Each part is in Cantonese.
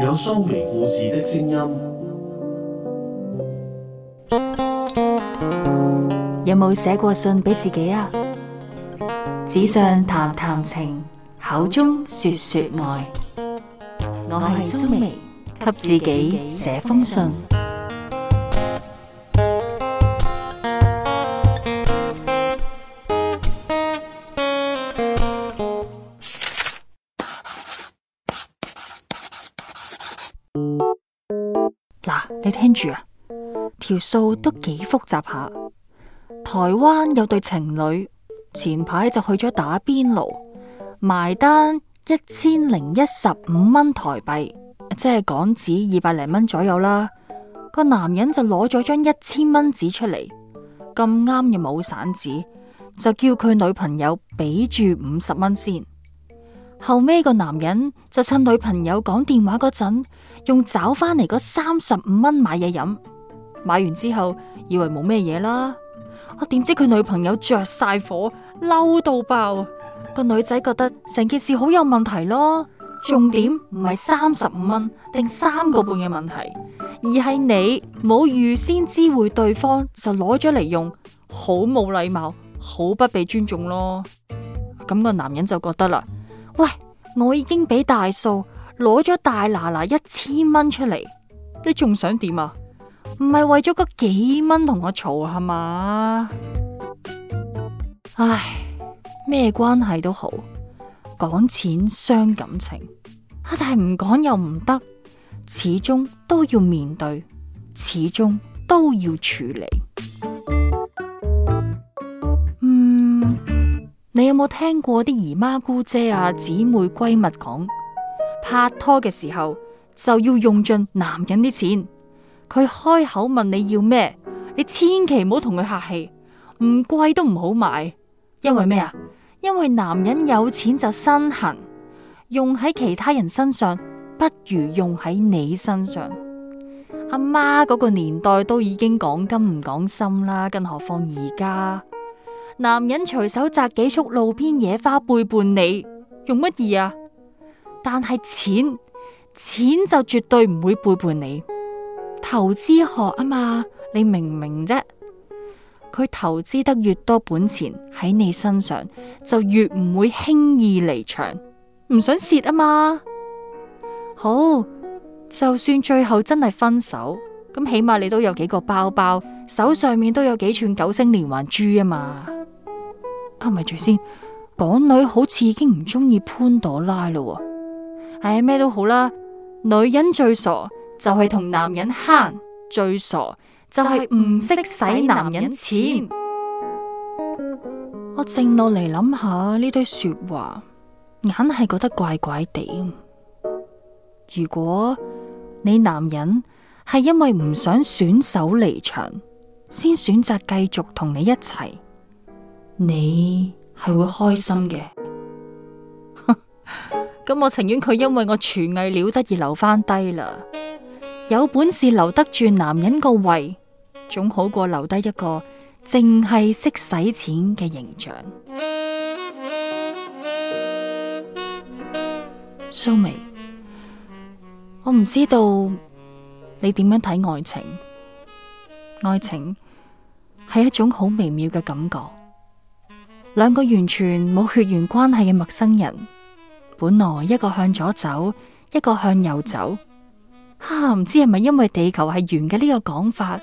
有蘇眉故事的聲音，有冇寫過信俾自己啊？紙上談談情，口中說說愛。我係蘇眉，給自己寫封信。嗱，你聽住啊，條數都幾複雜下。台灣有對情侶前排就去咗打邊爐，埋單一千零一十五蚊台幣，即係港紙二百零蚊左右啦。個男人就攞咗張一千蚊紙出嚟，咁啱又冇散紙，就叫佢女朋友俾住五十蚊先。後尾個男人就趁女朋友講電話嗰陣，用找翻嚟嗰三十五蚊買嘢飲，買完之後以為冇咩嘢啦，我、啊、點知佢女朋友着晒火，嬲到爆啊！個女仔覺得成件事好有問題咯，重點唔係三十五蚊定三個半嘅問題，而係你冇預先知會對方就攞咗嚟用，好冇禮貌，好不被尊重咯。咁、個男人就覺得啦。喂，我已經俾大數攞咗大拿拿一千蚊出嚟，你仲想點啊？唔係為咗嗰幾蚊同我嘈係嘛？唉，咩關係都好，講錢傷感情啊，但係唔講又唔得，始終都要面對，始終都要處理。你有冇聽過啲姨媽姑姐啊、姊妹閨蜜講拍拖嘅時候就要用盡男人啲錢？佢開口問你要咩，你千祈唔好同佢客氣，唔貴都唔好買，因為咩啊？因為男人有錢就身痕，用喺其他人身上不如用喺你身上。阿媽嗰個年代都已經講金唔講心啦，更何況而家。男人隨手摘幾束路邊野花背叛你，用乜嘢啊？但係錢，錢就絕對唔會背叛你。投資學啊嘛，你明唔明啫，啊？佢投資得越多本錢喺你身上，就越唔會輕易離場。唔想蝕啊嘛？好，就算最後真係分手，咁起碼你都有幾個包包，手上面都有幾串九星連環珠啊嘛。啊，咪住先，港女好似已經唔中意潘朵拉咯喎！唉、哎，咩都好啦，女人最傻就係同男人慳，最傻就係唔識使男人錢。我靜落嚟諗下呢堆說話，硬係覺得怪怪地。如果你男人係因為唔想選手離場，先選擇繼續同你一齊。你係會開心嘅，咁我情願佢因為我廚藝了得而留翻低啦。有本事留得住男人個胃，總好過留低一個淨係識使錢嘅形象。蘇眉，我唔知道你點樣睇愛情，愛情係一種好微妙嘅感覺。兩個完全冇血緣關係嘅陌生人，本來一個向左走，一個向右走，哈、啊，唔知係咪因為地球係圓嘅呢個講法，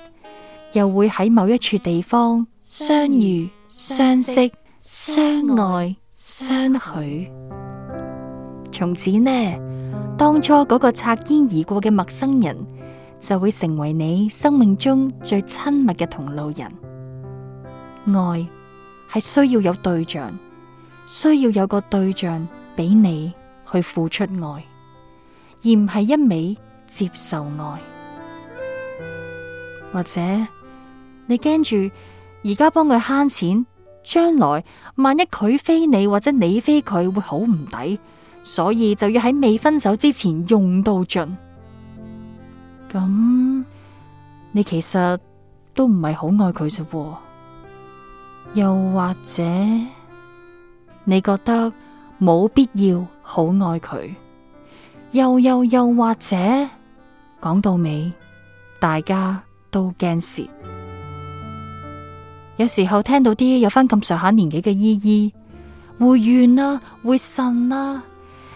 又會喺某一處地方相遇相、相識、相愛、相許。從此呢，當初嗰個擦肩而過嘅陌生人，就會成為你生命中最親密嘅同路人。愛係需要有對象，需要有個對象俾你去付出愛，而唔係一味接受愛。或者你驚住而家幫佢慳錢，將來萬一佢飛你，或者你飛佢會好唔抵，所以就要喺未分手之前用到盡。咁你其實都唔係好愛佢啫。又或者你覺得冇必要好愛佢，又又又或者講到尾，大家都驚蝕。有時候聽到啲有返咁上下年紀嘅姨姨會怨啦，會呻啦、啊，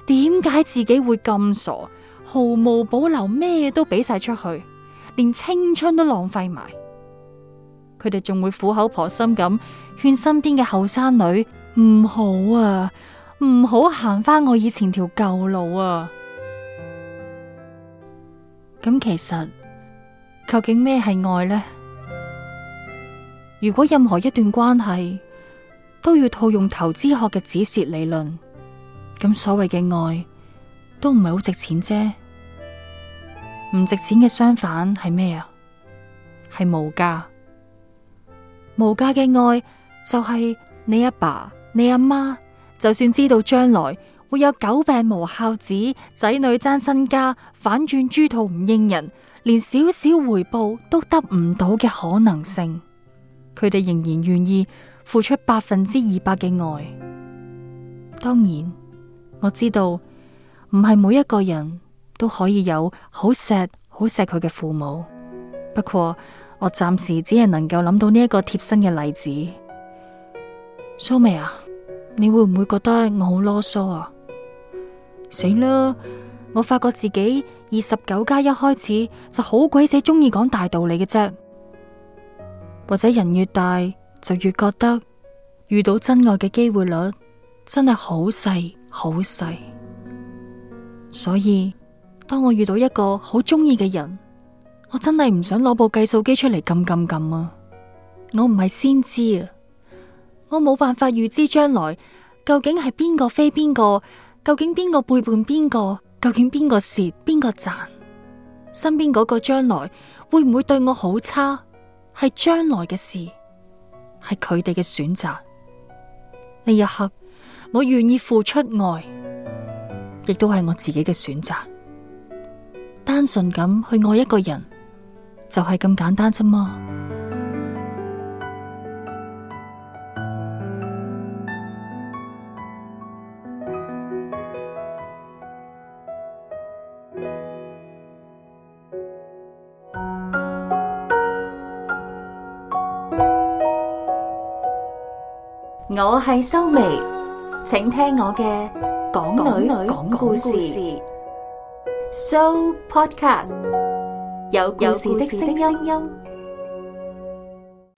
點解、啊、自己會咁傻，毫無保留咩都俾晒出去，連青春都浪費埋。佢哋仲會苦口婆心咁，勸身邊嘅後生女唔好啊，唔好行翻我以前條舊路啊！咁其實究竟咩係愛呢？如果任何一段關係都要套用投資學嘅止蝕理論，咁所謂嘅愛都唔係好值錢啫。唔值錢嘅相反係咩啊？係無價，無價嘅愛。就係你阿爸、你阿媽，就算知道將來會有久病無孝子、仔女爭身家、反轉豬肚唔應人，連少少回報都得唔到嘅可能性，佢哋仍然願意付出百分之二百嘅愛。當然，我知道唔係每一個人都可以有好錫好錫佢嘅父母，不過我暫時只係能夠諗到呢一個貼身嘅例子。蘇美啊？你會唔會覺得我好囉嗦啊？死啦，我發覺自己二十九加一開始就好鬼死中意講大道理嘅啫。或者人越大就越覺得遇到真愛嘅機會率真係好細好細。所以當我遇到一個好中意嘅人，我真係唔想攞部計數機出嚟撳撳撳啊！我唔係先知啊。我冇辦法預知將來究竟係邊個非邊個，究竟邊個背叛邊個，究竟邊個蝕邊個賺。身邊嗰個將來會唔會對我好差？係將來嘅事，係佢哋嘅選擇。呢一刻，我願意付出愛，亦都係我自己嘅選擇。單純咁去愛一個人，就係、是、咁簡單啫嘛。我係修眉，請聽我嘅港女講故事,港女講故事，So Podcast 有故事的聲音。